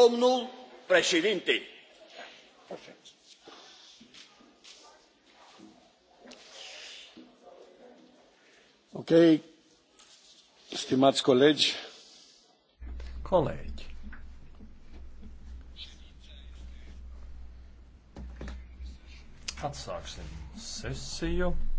domnul președinte okay. stimați colegi colegi atsāksim sesiju.